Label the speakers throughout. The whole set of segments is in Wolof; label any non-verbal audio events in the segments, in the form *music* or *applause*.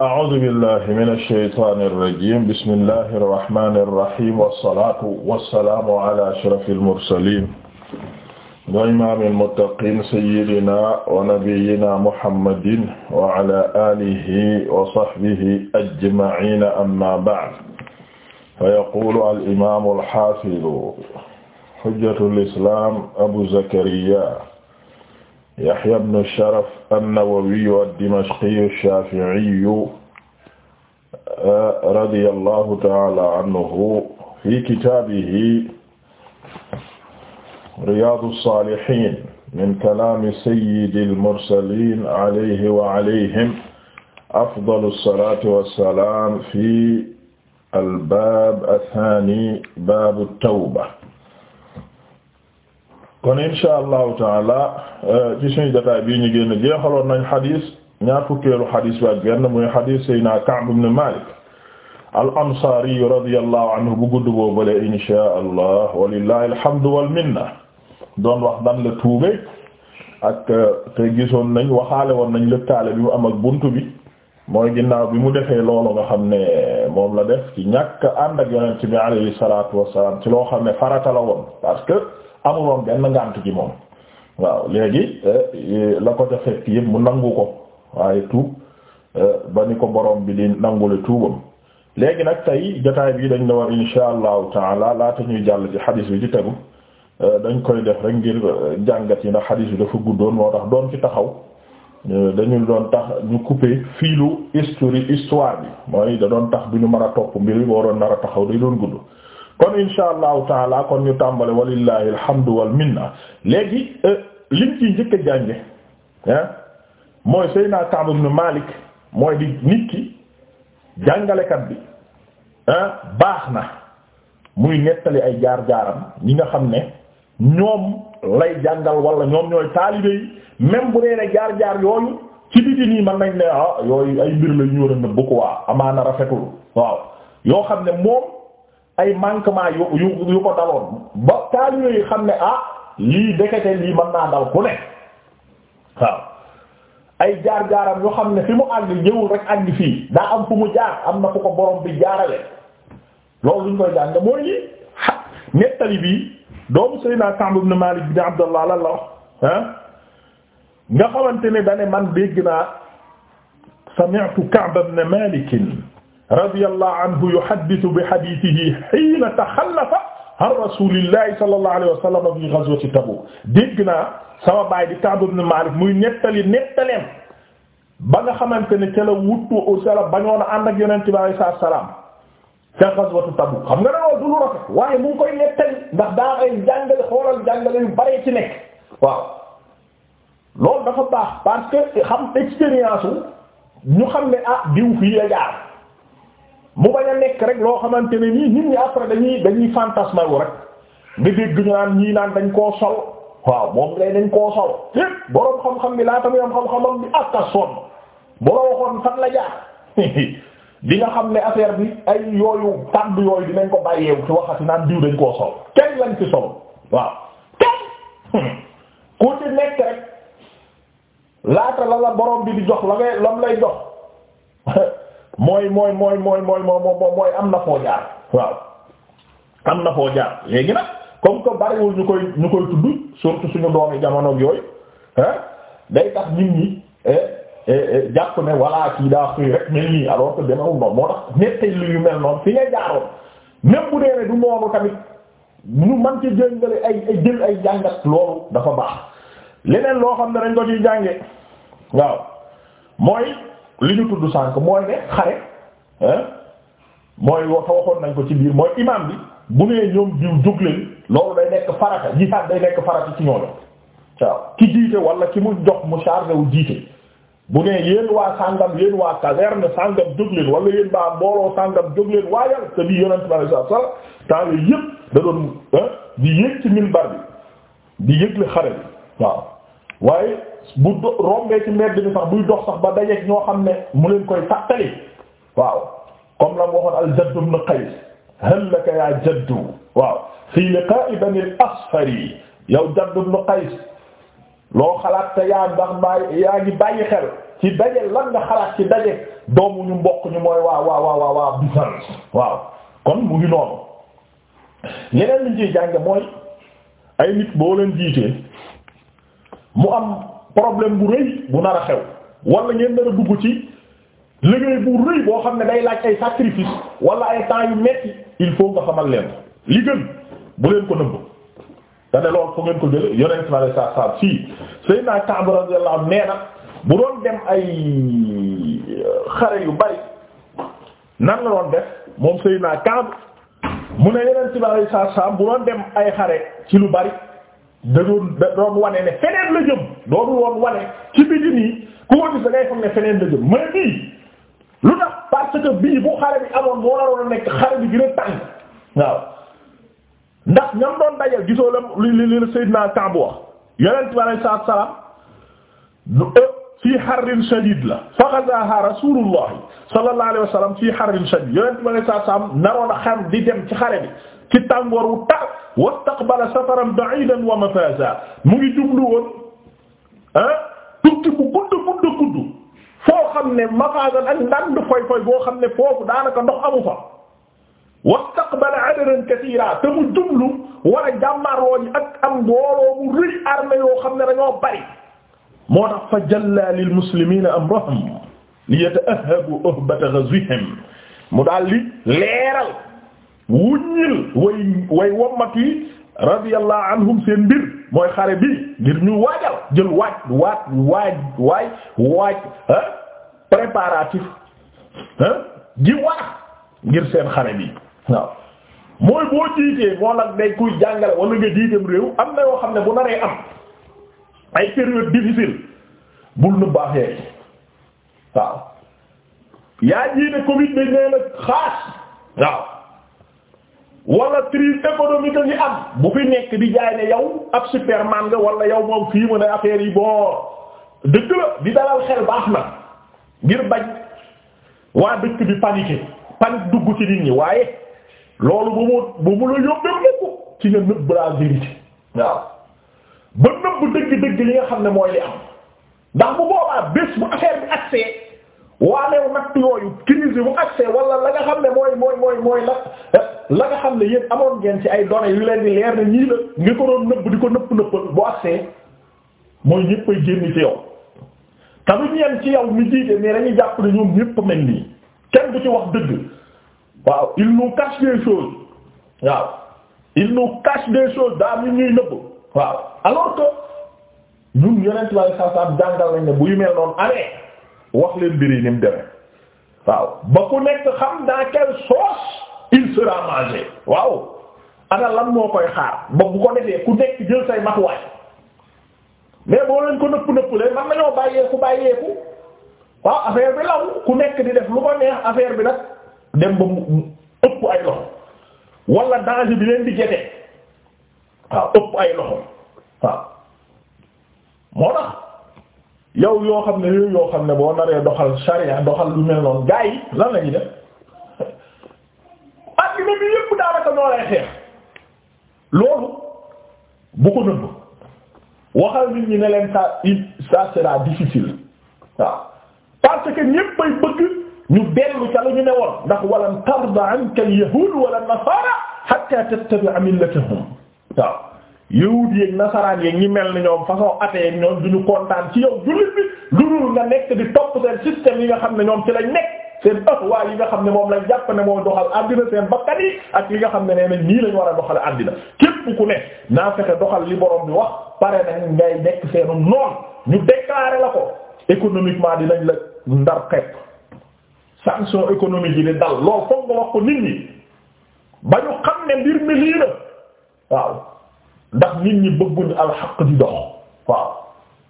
Speaker 1: a'uuzu billahi mina shaytaani rajiim bismillahi rahmaani rahiim wassalaatu wassalaamu alaa ashrafil mursaliin wa imaamil muttaqiin sayyidinaa wa nabiyyinaa muhammadin wa alaa aalihi wa sahbihi ajma'iin ammaa ba'd fayaquulu al-imaamul haafidu hujjatul islaam abu zakariyaa Yahya ibn Sharaf an-Nawawi ad-Dimashqi ash-Shafi'i uh, radiyallahu ta'ala anhu fi kitaabihi Riyaadu s-Saalihiin min kalaami sayyidil mursaliin alayhi wa alayhim afdalu s-salaati wa s-salaam fi al-baab ath-thaani baabu t-tawba kon insha allahu taala euh, ci suñu jotaay bii ñu génn jeexaloon nañ xadis ñaar fukkeelu xadis bi ak benn muy xadis sayna Ka'b ibn Malik al ansaari radiyallahu anhu bu gudd boobale insha allah walillahi alhamdu wal minna doon wax dan la tuube ak euh, te gisoon nañ waxaale woon nañ lëkkaale bi mu am ak buntu bi mooy ginnaaw bi mu defee loolu nga xam ne moom la def ci ñàkk ànd ak yonent bi alayhi salaatu wassalaam ci loo xam ne farata la woon parce que amuloon benn ngànt ci moom waaw léegi euh, la ko ca fekk yëpp mu nangu ko waaye tuub euh, ba ni ko borom bi di nangule tuubam léegi nag tey jotaay bii dañ la war insha allahu taala laata ñuy jàll ci xadiis bi ci tegu euh, dañ koy def rek ngir jàngat yi ndax xadiis bi dafa guddoon moo tax doon ci taxaw Euh, dañu doon tax ñu couper fiilu historique histoire bi mooy da doon tax du ñu mën a topp mbir yi boo doon nar a taxaw day doon gudd kon insha allahu taala kon ñu tàmbale walillahi alhamdu wal minna léegi euh, liñ ciy njëkk a jànge ah mooy Seydina Ka'b ibn Malik mooy di
Speaker 2: nit ki jàngalekat bi baax na muy nettali ay jaar-jaaram ñi nga xam ne ñoom lay jàngal wala ñoom ñooy taalibe même bu dee ne jaar-jaar yooyu ci biti nii mën nañ ne ah yooyu ay mbir la ñu war a nëbb ko waa amaana rafetul waaw yoo xam ne moom ay manquement yu yu ko daloon ba kaa yooyu xam ne ah lii dekete lii mën naa dal ku ne waaw ay jaar-jaaram yoo xam ne fi mu àgg jëwul rek àgg fii daa am fu mu jaar am na fu ko borom bi jaarale loolu luñ koy jàng mooy lii nettali bi doomu Seydina Ka'b ibn Malik bin Abdallah la ah nga xamante ne dane man dégg naa sami'tu Ka'b ibn Malik radiyallahu anhu yuhaddithu bi hadithihi hina takhallafa an rasulillahi sallallahu alayhi wa sallam fi ghazwati Tabuk dégg naa sama baay di Ka'b ibn Malik muy nettali nettaleem ba nga xamante ne ca la wuttu ca la bañoon a ànd ak yonent bi alayhi salaatu wa salaam ca ghazwatu Tabuk xam nga dañoo dul rafet waaye mu ngi koy nettali ndax daa ay jàngale xoolal jàngale yu bari ci nekk waaw loolu dafa baax parce que xam expérience wu ñu xam ne ah diw fii la jaar mu bañ a nekk rek loo xamante ne nii nit ñi après dañuy dañuy fantasme wu rek nga dégg ñu naan ñii naan dañ koo sol waaw moom lay dañ koo sol fépp boroom xam-xam bi laa tamit am xam-xamam bi ak a sonn boroom waxoon fan la jaar *laughs* di nga xam ne affaire bi ay yooyu kàddu yooyu dinañ ko bàyyeewu ci waxati naan diw dañ koo sol kenn lañ ci sol waaw kenn *laughs* ku ci nekk rek laata la la boroom bi di jox la ngay lay jox *laughs* mooy mooy mooy mooy mooy mooy mooy am na foo jaar waaw am na foo jaar léegi nag comme que bariwul ñu koy ñu koy tudd surtout suñu doomi jamonoog yooyu day tax nit ñi eh, eh, eh, jàpp ne voilà kii daa xëy rek mel nii alors que demewul noonu yu mel noonu fi ngay dee ne du noonu tamit ñu mën ci jëngale ay ay jël ay jàngat loolu dafa baax leneen loo xam ne dañ ko ciy jànge waaw mooy li ñu tudd sànk mooy ne xare mooy wax waxoon nañ ko ci biir mooy imam bi bu nee ñoom diw jóg leen loolu day nekk farata jihaad day nekk farata ci ñoo waaw ki jiite wala ki mu jox mu chargé wu jiite bu nee yéen waa sàngam yéen waa caserne sàngam jóg leen wala yéen baa mbooloo sàngam jóg leen waayal te bi yonent bi sallallahu alayhi wasallam temps yëpp da doon di yëg ci minbar bi di yëgle xare bi waaw waaye bu rombee ci bi sax buy dox sax ba dajeeg ñoo xam ne mu leen koy fàttali waaw comme la mu waxoon al-Jadd ibn Qays hal laka yaa Jadd fi liqaa'i bani al-Asfar yow Jadd ibn Qays loo xalaat te yaa ndax bàyyi yaa ngi ci daje lan nga xalaat ci daje doomu ñu mbokk ñu mooy waa waa waa waa Byzance waaw kon mu ngi noonu yeneen liñ ciy jànge mooy ay nit boo leen jiitee mu am problème bu rëy bu nar a xew wala ngeen nar a dugg ci liggéey bu rëy boo xam ne day laaj ay sacrifice wala ay temps yu metti il faut nga xamal leen li gën bu leen ko nëbb te ne loolu fu ngeen ko jële yonent na la saa saa fii Seydina Ka'b radiyallahu anhu nee na bu doon dem ay euh, xare yu bari nan la doon def moom Seydina Ka'b mu ne yonent na la saa saa bu doon dem ay xare ci lu bari da doon da doon wane ne feneen la jëm wane ci ku ko gis ne feneen la jëm mais bii lu tax parce que bii bu xare bi amoon moo waroon a nekk xare bi gën a tàng ndax ñam doon dajal gisoo la li li li Seydina Ka'b wax yonent bi alayhi salaatu salaam du ëpp euh, fii harrin la fa ghazaha rasulullah sallallahu alayhi wa sallam fii harrin shadid yonent bi alayhi salaatu salaam naroon a xam di dem ci xare bi. ci tàngoor wu tar wastaqbala safaran ba'idan wa mafaza mu ngi jublu woon ah tukki bu gudd gudd gudd foo xam ne mafaasan ak boo xam ne foofu daanaka ndox amu fa wastaqbala adadan katira te jublu war a jàmmaroo yi ak am mbooloo bu rëy armée yoo xam ne dañoo bari moo tax fa jalla lil muslimina amrahum
Speaker 1: li yata'ahhabu
Speaker 2: uhbata ghazwihim mu daal li leeral wuññil way way wommat yi radiyallahu anhum seen mbir mooy xare bi ngir ñu waajal jël waaj waaj waaj waaj waaj ah préparatif ngir seen xare bi waaw mooy boo jiitee moo nag day kuy jàngale wala nga jiiteem réew am na yoo xam ne bu naree am ay période difficile bul nu baaxee waaw yaa jiite Covid bi nee na xaas waaw wala crise économique a ngi am bu fi nekk di jaay ne yow ak superman nga wala yow moom fii mu ne yi boo dëgg la di dalal xel baax na ngir bañ waa dëkk bi paniqué panique dugg ci nit ñi waaye loolu bu mu bu mu la yóbbee mukk ci nga nëbb la vérité waaw ba nëbb dëgg-dëgg li nga xam ne mooy li am ndax bu boobaa bés bu affaire bi accès waaleew nag yooyu crise bu accès wala la nga xam ne mooy mooy mooy mooy la eh, la nga xam ne yéen amoon ngeen ci ay données yu leen di leer ne ñii la nga ko doon nëbb di ko nëpp nëppal bu accès mooy ñépp ay génn ci yow te lu ñu ci yow mi jiite mais dañuy jàpp ne ñoom ñépp mel nii kenn du ci wax dëgg waaw il nous cache des choses waaw il nous cache des choses ñuy nëbb waaw alors que ñun yeneen ci wàllu sàmm jàngal nañ ne bu yu mel noonu amee. wax leen mbir yi ni mu waaw ba ku nekk xam dans quelle sauce il sera mangé waaw ana lan moo koy xaar ba bu ko defee ku nekk jël say matuwaay mais boo leen ko nëpp nëppalee man nañoo bàyyeeku bàyyeeku waaw affaire bi law ku nekk di def lu ko neex affaire bi nag dem ba mu ëpp ay loxo wala danger bi leen di jete waaw ëpp ay loxo waaw moo tax yow yoo xam ne yooyu yoo xam ne boo naree doxal sharia doxal lu mel noonu gaa yi lan la ñuy def addina bi yépp daanaka ñoo xeex loolu bu ko nëbb waxal nit ñi ne leen ça ça sera difficile waaw parce que ñépp ay bëgg ñu dellu ca la ne woon ndax walan tarda anka al yahud wala nasara hatta tattabi'a millatahum waaw yawut yeeg nasaraan yeeg ñi mel ni ñoom façon athée yeeg ñoom du ñu kontaan ci yow jullit bi lu dul nga nekk di topp seen système yi nga xam ne ñoom ci lañ nekk seen ahwa yi nga xam ne moom lañ jàpp ne moom doxal àddina seen bakkan yi ak yi nga xam ne nee nañ nii lañ war a doxal àddina képp ku ne naa fexe doxal li borom bi wax pare nañ ngay nekk seenu noon ñu déclarer la ko économiquement dinañ la ndar xepp sanction économique yi di dal lool foog nga wax ba ñu waaw ndax nit ñi bëgguñu alxaq di dox waaw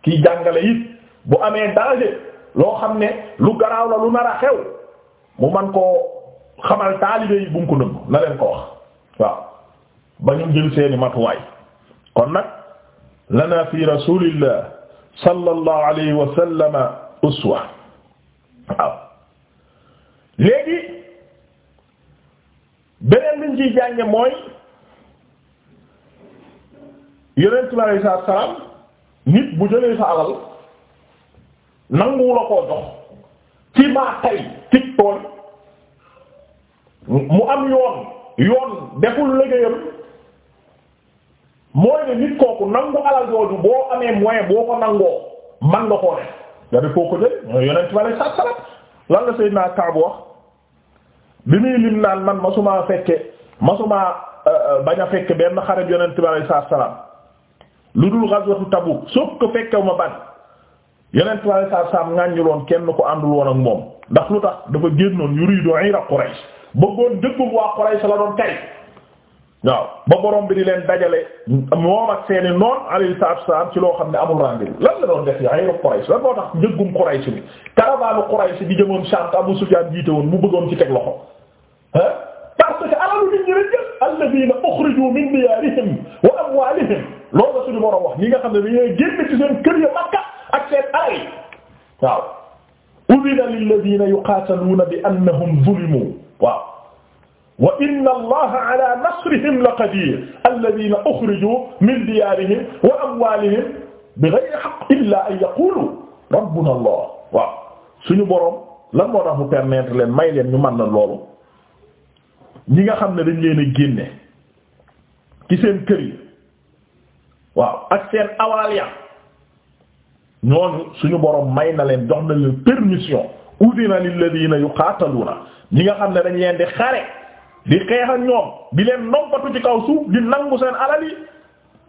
Speaker 2: kiy jàngale it bu amee danger loo xam ne lu garaaw la lu nar a mu man ko xam taalibe yi bu mu ko nëbb na leen ko wax
Speaker 1: ba ñu jël seeni matuwaay kon nag lana fi rasulillah sallallahu alayhi wa sallam uswa waaw
Speaker 2: léegi beneen liñ ciy jànge mooy yonent bi alayhi salaatu salaam nit bu jëlee sa alal nanguwu la koo jox ci maa tay ci tool mu am yoon yoon deful liggéeyam mooy ne nit kooku nangu alal jooju boo amee moyen boo ko nangoo man nga koo def nga def foo ko jëlee yonent bi alayhi salaatu salaam lan la Seydina Kaab wax bi muy lim naan man masuma fekke masuma euh, euh, bañ a fekke benn xare yonent bi alayhi salaatu salaam lu dul ghazwatu Tabuk sauf que fekkew ma Badr yeneen trois cent sàmm ŋàññiloon kenn ko àndul woon ak moom ndax lu tax dafa génnoon yuridu ira Quraysh bëggoon dëggum waa Quraysh la doon tay waaw ba borom bi di leen dajale moom ak seeni noon alayhi salaatu wassalaam ci loo xam ne amul rendez lan la doon def yi ayru Quraysh lan moo tax njëggum Quraysh bi caravane Quraysh bi jëmoon Sham Abu Sufyaan jiite woon mu bëggoon ci teg loxo parce que alalu nit ñi suñu borom wax ñi nga xam ne dañuy génn ci seen kër ya Makka ak seen alal yi waaw udina lilladina yuqaataluuna bi annahum zulimu waaw wa inna allaha ala nasrihim la qadir alladina uxrijuu min diyaarihim wa amwaalihim bighayri haqq illa an yaqulu rabbuna allah waaw suñu borom lan moo tax mu permettre leen may leen ñu mën na loolu ñi nga xam ne dañ leen a génne ci seen kër yi waaw ak seen awaal ya ñooñu suñu borom may na leen jox na leen permission udina lilladina yuqaataluuna ñi nga xam ne dañ leen di xare di xeex ak ñoom di leen nompatu ci kaw suuf di nangu seen alal yi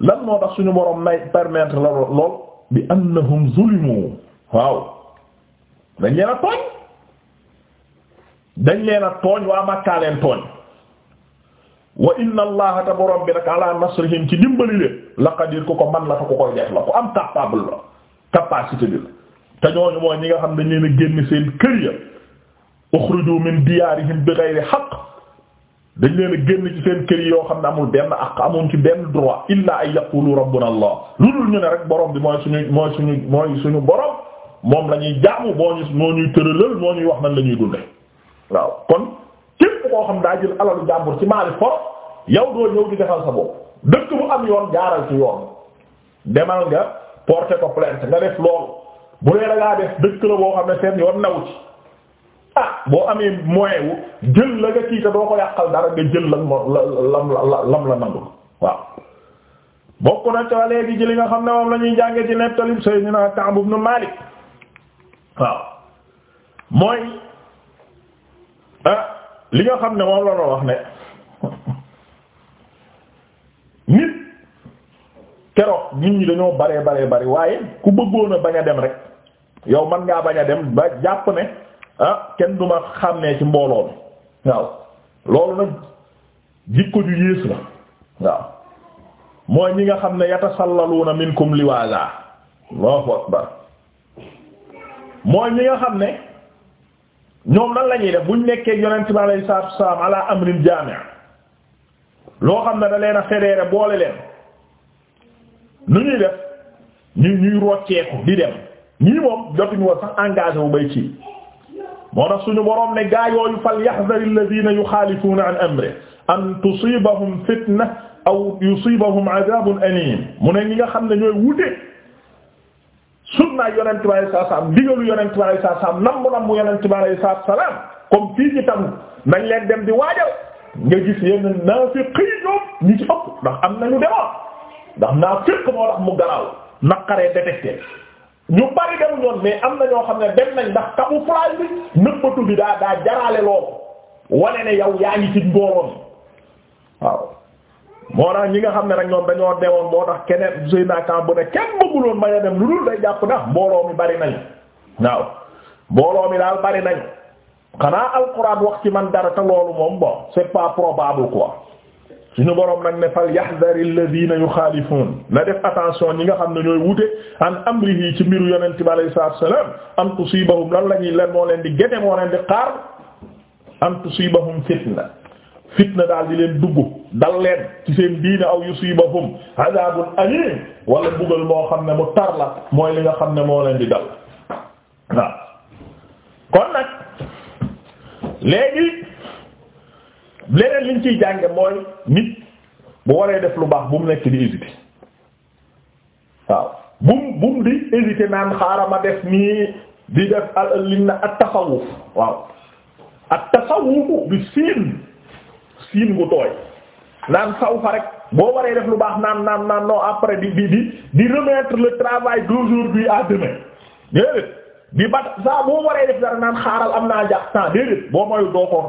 Speaker 2: lan moo tax suñu boroom may permettre la lool bi annahum zulimu waaw dañ leen a tooñ dañ leen a tooñ waa Makka leen tooñ wa inna allaha te borom bi nag ala nasrihim ci dimbali leen la qadir ku ko man la te ku koy def la ku am capable la capacité bi la te ñooñu mooy ñi nga xam dañ leen a génn seen kër ya ukhruju min diyaarihim bi ghayri haqq dañ leen génn ci seen kër yi yoo xam ne amul benn aq amul ci benn droit illa ay yaqulu rabbuna allah lu dul ñu ne rek borom bi mooy suñu mooy suñu mooy suñu borom moom la ñuy jaamu moo ñu moo ñuy tëralal moo ñuy wax nan la ñuy dundee koo xam daa jël alalu jàmbur ci maali for yow doo ñëw di defal sa bopp dëkk bu am yoon jaaral ci yoon demal nga porter ko plainte nga def loolu bu dee da def dëkk la boo xam ne seen yoon naw ci ah boo amee moyen jël la nga kii te doo ko yàqal dara nga jël lam la lam la
Speaker 1: lam la nangu waaw bokk
Speaker 2: na ca léegi ji li nga xam ne moom la ñuy jànge ci nettalib Seydina Ka'b ibn Malik waaw mooy ah, li nga xam ne moom la doon wax ne nit keroog nit ñi dañoo bare baree bari waaye ku bëggoon a bañ a dem rek yow man ngaa bañ a dem ba jàpp ne ah kenn duma ma xàmmee ci mbooloo mi waaw loolu nag jikko ju yées la waaw mooy ñi nga xam ne yatasallaluuna minkum liwaza
Speaker 1: allahu akbar
Speaker 2: mooy ñi nga xam ne ñoom lan la ñuy bu buñ nekkee yonent bi alayhi salaatu wassalaam ala amrin jaami' loo xam ne da leen a fédéré boole leen nu ñuy def ñu ñuy di dem ñii moom jotuñu woon sax engagé bu bay ci moo tax suñu boroom ne gaa yooyu fal yahzar alladhina yukhalifuuna an amri an tusibahum fitna aw yusibahum adhabun alim mu ne ñi nga xam ne ñooy wute naa yonent bi alayhi salaam digalu yonent bi alayhi salaam nambu nambu yonent bi alayhi salaam comme fii ci tam nañ leen dem di waajal nga gis yenn naafiqi ñoom ñi ci ëpp ndax am nañu demoon ndax naafiq moo tax mu garaaw naqaree détecté ñu bari dem ñoon mais am na ñoo xam ne dem nañ ndax camouflage bi nëbbatu bi daa daa jaraale loolu wane ne yow yaa ngi ci mbooloo waaw moo tax ñi nga xam ne rek ñoom dañoo deewoon moo tax keneen suy naakaan bu ne kenn bëgguloon bañ a dem lu dul day jàpp ndax mbooloo mi bari nañ waaw mbooloo mi daal bari nañ xanaa alxuraan wax ci man dara te loolu moom bon c'est pas probable quoi suñu boroom nag ne fal yahdari alladhina yuxaalifuun na def attention ñi nga xam ne ñooy wute an amrihi ci mbiru yonente bi alayhi salaatu wa salaam an tusibahum lan la ñuy leen moo leen di gete moo leen di xaar an tusibahum fitna fitna daal di leen dugg dal leen ci seen diine aw yusibahum adabun alim wala bugal moo xam ne mu tar la mooy li nga xam ne moo leen di dal waaw kon nag léegi leneen liñ ciy jànge mooy nit bu waree def lu baax bu mu nekk di hésiter waaw bu mu bu mu di hésiter naan xaaral ma def nii di def li na at tasawuf waaw at tasawufu bi siin siin gu tooy naan saw fa rek boo waree def lu baax naan naan naan non après di di di di remettre le travail d'aujourd'hui à demain déedéet di bat saa boo waree def dara naan xaaral am naa jàpp temps déedéet boo mayu doo ko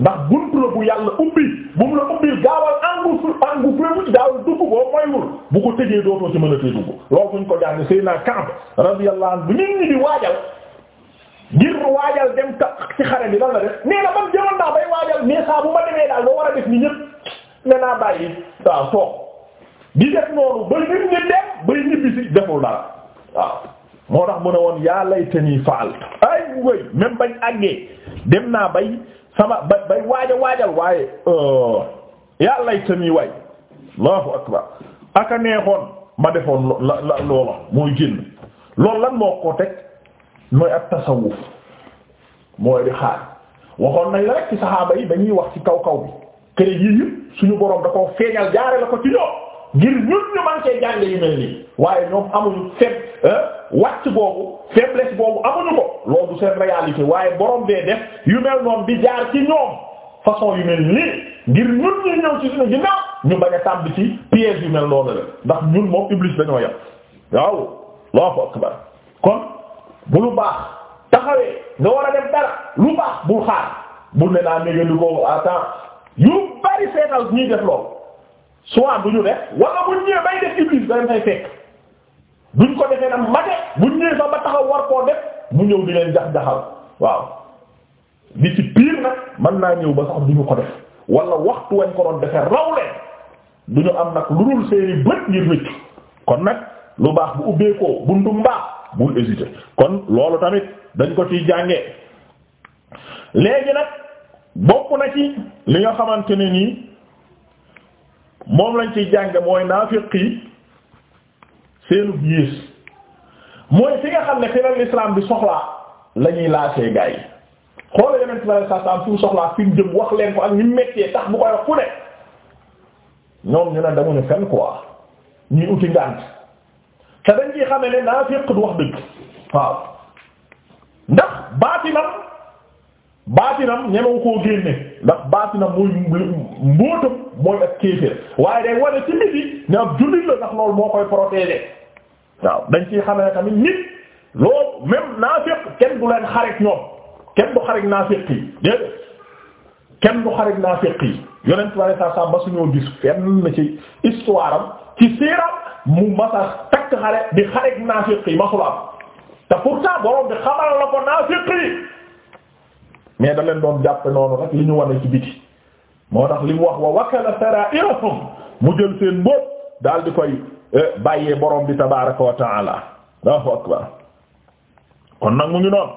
Speaker 2: ndax buntu la bu yàlla ubbi bu mu la ubbi gaawal angu su angu féemu gaawal dugg boo mayul bu ko tëjee dootoo ci mën a tëj dugg loolu fuñ ko jàng bu nit ñi di waajal ngir waajal la war a def ni ñëpp. ne naa bàyyi waaw toog di def noonu ba nit ñi dem bay ñibbisi deful dara waaw moo tax mu ne woon yaa laytani fa'altu ay wéy même bañ àggee dem naa bay sama bay bay waaja waajal waaye euh, yaa laytani waay allahu akbar aka neexoon ma defoon loola mooy génn loolu lan moo ko teg mooy ak tasawuf mooy di xaar waxoon nañ la rek saxaaba yi dañuy wax ci kaw kaw bi kër yi suñu borom da koo feeñal jaare la ko ci ñoom ngir ñun ñu man cee jàng yu mel nii waaye ñoom amuñu faible euh, wàcc boobu faiblesse boobu amuñu ko loolu du seen réalité waaye borom bee def yu mel noonu bi jaar ci ñoom façon yu mel nii ngir ñun ñu ñëw ci suñu ginnaaw ñu bañ a tàmb ci piège yu mel noonu la ndax ñun moom Iblis dañoo yàq waaw Allahu akbar kon bu lu baax taxawee nga war a def dara lu baax bul xaar bul ne naa néegandi yu bari seetal ñuy def loolu soit du ñu def wala buñ ñëwee bay def iblis dañ fay fekk duñ ko defee nag mate buñ ñëwee sax ba taxaw war koo def mu ñëw di leen jax-jaxal waaw li ci pire nag mën naa ñëw ba sax duñu ko def wala waxtu wañ ko doon defee raw leen duñu am nag lu dul seeni bët ngir wécc kon nag lu baax bu ubbeekoo buntu mbaax bul hésiter kon loolu tamit dañ ko ciy jàngee léegi nag bokk na ci li nga xamante ne nii moom lañ ciy jàng mooy naafiq yi seenu biis mooy fi nga xam ne fi la l'islam bi soxlaa la ñuy laasee gaa yi xoolal yeneen ci la saa saa soxlaa fi jëm wax leen ko ak ñu méttee tax bu koy wax ku ne ñoom ñu ne damuñu fenn quoi ñuy uti ngànt te dañ ciy xamee ne naafiq du wax dëgg waaw ndax baatinam baatinam ñemewu koo génne ndax baatinam mooy mbóotam mooy ak kéeféer waaye day wane ci biti ne ab jullit la ndax loolu moo koy protéger waaw dañ ciy xame ne tamit nit loolu même naafiq kenn du leen xarit ñoom kenn du xarit naafiq yi déedéet kenn du xarit naafiq yi yonent bi alayhi salaam ba suñoo gis fenn na ci histoire am ci siira mu masa takk xare di xarit naafiq yi masula am te pourtant borom bi xamal na ko naafiq yi mais da leen doon jàppe noonu rek li ñu wane ci biti moo tax li mu wax wa wakala sarairahum mu jël seen bopp daal koy eh, bàyyee boroom bi tabaraka wa taala Allahu kon nag mu ngi noonu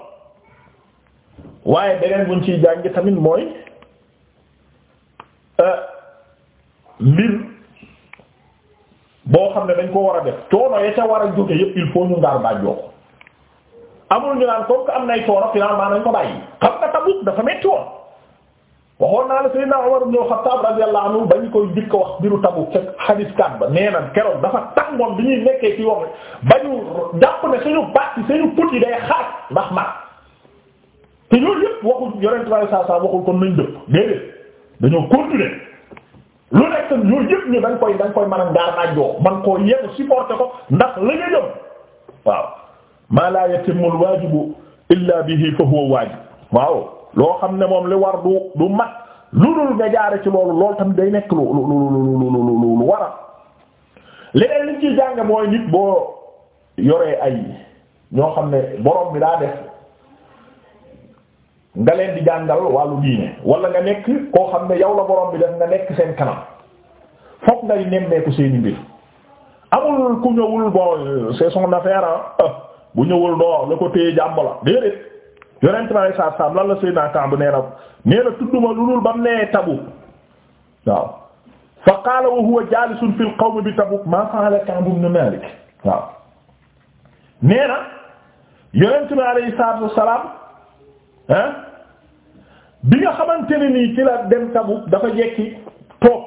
Speaker 2: waaye beneen buñ ciy jàngi tamit mooy eh, mbir boo xam ne dañ ko war a def coono ya ca war a jóge yépp il faut ñu ngaar bàjjoo ko amul ñu naan comme que am nay tooro finalement nañ ko bàyyi xam nga Tabuk dafa metti woon waxoon naa la Seydina Umar ibn Khattab radiyallahu anhu ba ñu koy dikk wax biiru Tabuk ca xadiis kat ba nee na keroog dafa tàngoon bi ñuy nekkee ci woo ba ñu jàpp ne suñu baat yi suñu put yi day xaaj ndax mar te loolu yëpp waxul yonent bi saa saa waxul kon nañ dëpp déedéet dañoo continuer lu nekk ñu dañ koy dañ koy mën a ngaar naaj man koo yéen supporter ko ndax la nga waaw. maa laa yatimmu al-waajibu illaa bihi fa huwa waajib waaw loo xam ne moom li war du du mat lu dul nga jaare ci loolu loolu tamit day nekk lu lu lu lu war a leneen liñ ciy jàng mooy nit boo yoree ay ñoo xam ne borom bi daa def nga leen di jàngal wàllu diine wala nga nekk koo xam ne yow la borom bi def nga nekk seen kanam fokk ngay nemmeeku seeni mbir amul ku ñëwul bon c'est son affaire ah. bu ñëwul doo la ko téye jàmb la déedéet yonent ba ay saab lan la sëy naa kàmb nee na nee na tudduma lu ba mu nee Tabuk waaw fa qaala wa huwa jaalisun fil qawmi bi Tabuk maa fa'ala Ka'b ibn Malik waaw nee na yonent bi alayhi salaatu ah, bi nga xamante ne nii ci la dem Tabuk dafa jekki toog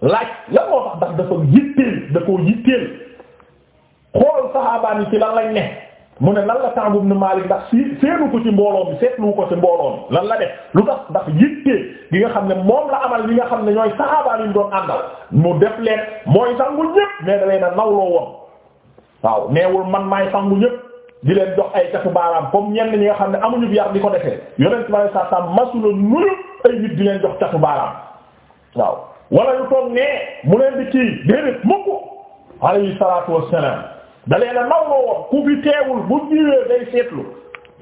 Speaker 2: laaj la moo tax ndax dafa yitteel da yitteel xool saxaabaan yi ci lan lañ ne mu ne lan la Ka'b ibn Malik ndax si seenu ko ci mbooloo mi seetlu ko ci mbooloo mi lan la def lu tax ndax yittee gi nga xam ne moom la amal li nga xam ne ñooy saxaaba yi doon àndal mu def leen mooy sangu ñëpp mais da leen a nawloo woon waaw neewul man maay sangu ñëpp di leen jox ay casu baaraam comme ñenn ñi nga xam ne amuñu yar di ko defee yonent ma saa saa masula nuyu ay nit di leen jox casu baaraam waaw wala yu toog nee mu leen di kii déedéet mukk alayhi salaatu wassalaam da leen a nawloo woon ku fi teewul bu jiwee day seetlu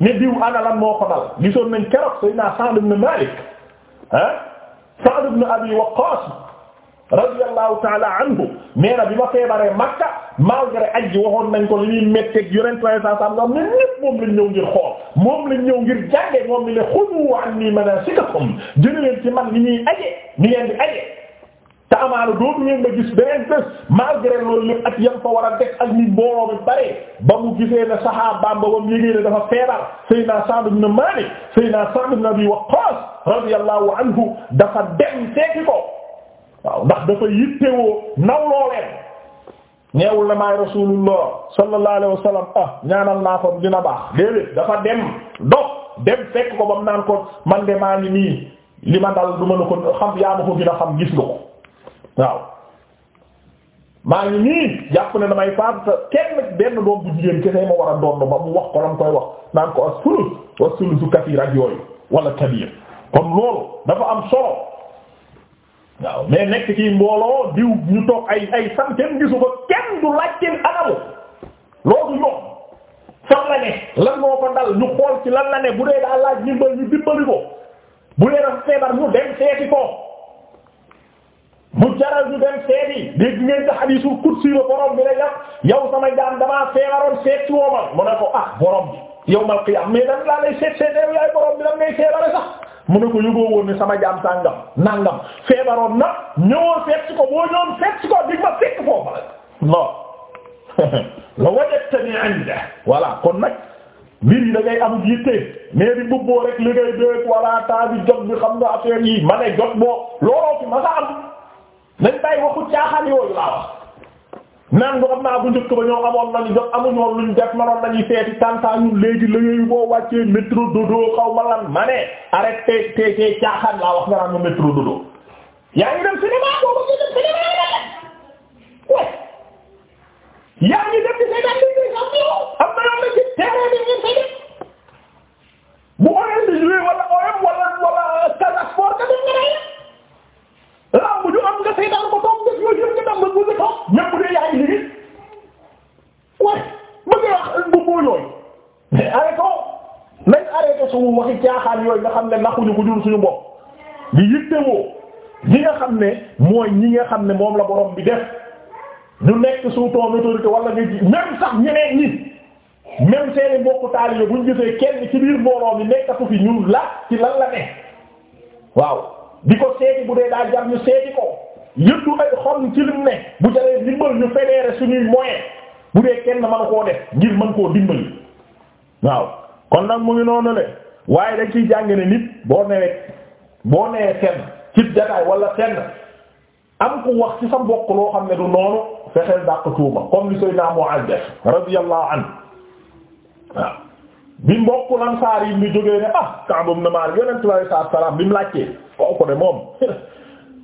Speaker 2: ne diw ana lan moo ko dal gisoon nañ keroog Seydina Sa'd ibn Malik ah Sa'd ibn Abi Waqqas radiyallahu taala anhu nee na bi ma feebaree Makka malgré ajji waxoon nañ ko li ñuy métteeg yonent sallallahu alayhi wasallam nga xam ne lépp moom lañ ñëw ngir xool moom lañ ñëw ngir jànge moom ni ne xudu anni manasikakum jëne leen ci man li ñuy aje ni ngeen di aje te amaana dootu ngeen gis beneen bés malgré loolu lépp ak yam fa war a def ak ni mbooloo mi bare ba mu gisee ne saxaabaam ba mu yëgee ne dafa feebar Seydina Sa'd ibn Malik Seydina Sa'd ibn Abi Waqqas radiyallahu anhu dafa dem seeti ko waaw ndax dafa yittewoo nawloo leen neewul na maay rasulullah sallallahu alayhi wa sallam ah ñaanal naa ko dina baax déedéet dafa dem dox dem fekk ko ba mu naan ko man de maa ngi nii li ma dal du ma ko xam yaa ma ko gën xam gis nga waaw maa ngi nii jàpp ne damay faat kenn benn doom bu jigéen kese ma war a doon ba mu wax ko la koy wax naan ko as-sulus was-sulusu kathir ak yooyu wala kabir kon loolu dafa am solo waaw mais nekk ci mbooloo diw ñu toog ay ay fan kenn gisu ko kenn du laajte anamu loolu ñoom fan la ne lan moo ko dal ñu xool ci lan la ne bu dee daa laaj ñu dimbali ko bu dee dafa feebar ñu dem seeti ko. mu jaral ñu dem seeti dégg ngeen ci hadiisul qudsi ba borom bi la yàq yow sama jaam damaa feebaroon seet si woo ma mu ne ko ah borom bi yawmal qiyaama mais lan laa lay seet seet yow yaay borom bi lan ngay feebare sax mu ne ko yóbboo woon ne sama jaam sàngam nangam feebaroon na ñëwoon seet si ko boo ñëwoon seet si ko dig ma fekk foofu rek non la *laughs* wajadtanii inda voilà kon nag mbir yi da ngay am yitte mais di mbubboo rek li ngay dégg wala temps jot bi xam nga affaire yi ma nañ bàyyi waxu caaxaan yooyu laa wax naan bu xam naa bu njëkk ba ñoo amoon nañu jot amuñu woon luñ def manoon nañuy seeti tanta ñun léegi liggéeyu boo wàccee métro dodo xaw ma lan ma te te caaxaan laa wax nga naan ma dodo yaa ngi dem cinéma boobu ngi dem cinéma yaa ngi dem di seetaan di ngi sax yow am na yoon na ci terrain bi ngeen fay def bu oyoon di jouer wala oyam wala wala Casa laa mujj am nga seetaan ko toog nga yooyu yëpp nga dem ba mu ngi toog ñëpp de yaa suñu waxi caaxaan nga xam ne yittewoo ñi nga xam ne mooy ñi nga xam ne moom la borom bi def ñu nekk sous ton autorité wala nga ji même sax ñeneen ñi même seeni mbokku taalibe buñ gisee kenn ci biir mbooloo mi nekkatu fi ñu la ci lan la ne waaw. di ko seeti bu dee daa jar ñu seeti ko yëddu ay xol ci lim ne bu jaree dimbal ñu fédérer suñuy moyen bu dee kenn mën koo def ngir mën koo dimbali waaw kon nag mu ngi noonu le waaye dañ ciy jàng ne nit boo newee boo newee fenn ci jataay wala fenn am ku wax ci sa mbokk loo xam ne du noonu fexeel dàq tuuma comme li Seydina Mu'adh radiyallahu anhu waaw bi mbokk lansaar yi mu jógee ne ah kaabam na maar yonent bi alayhi salaatu salaam bi mu laajtee kooku de moom *laughs*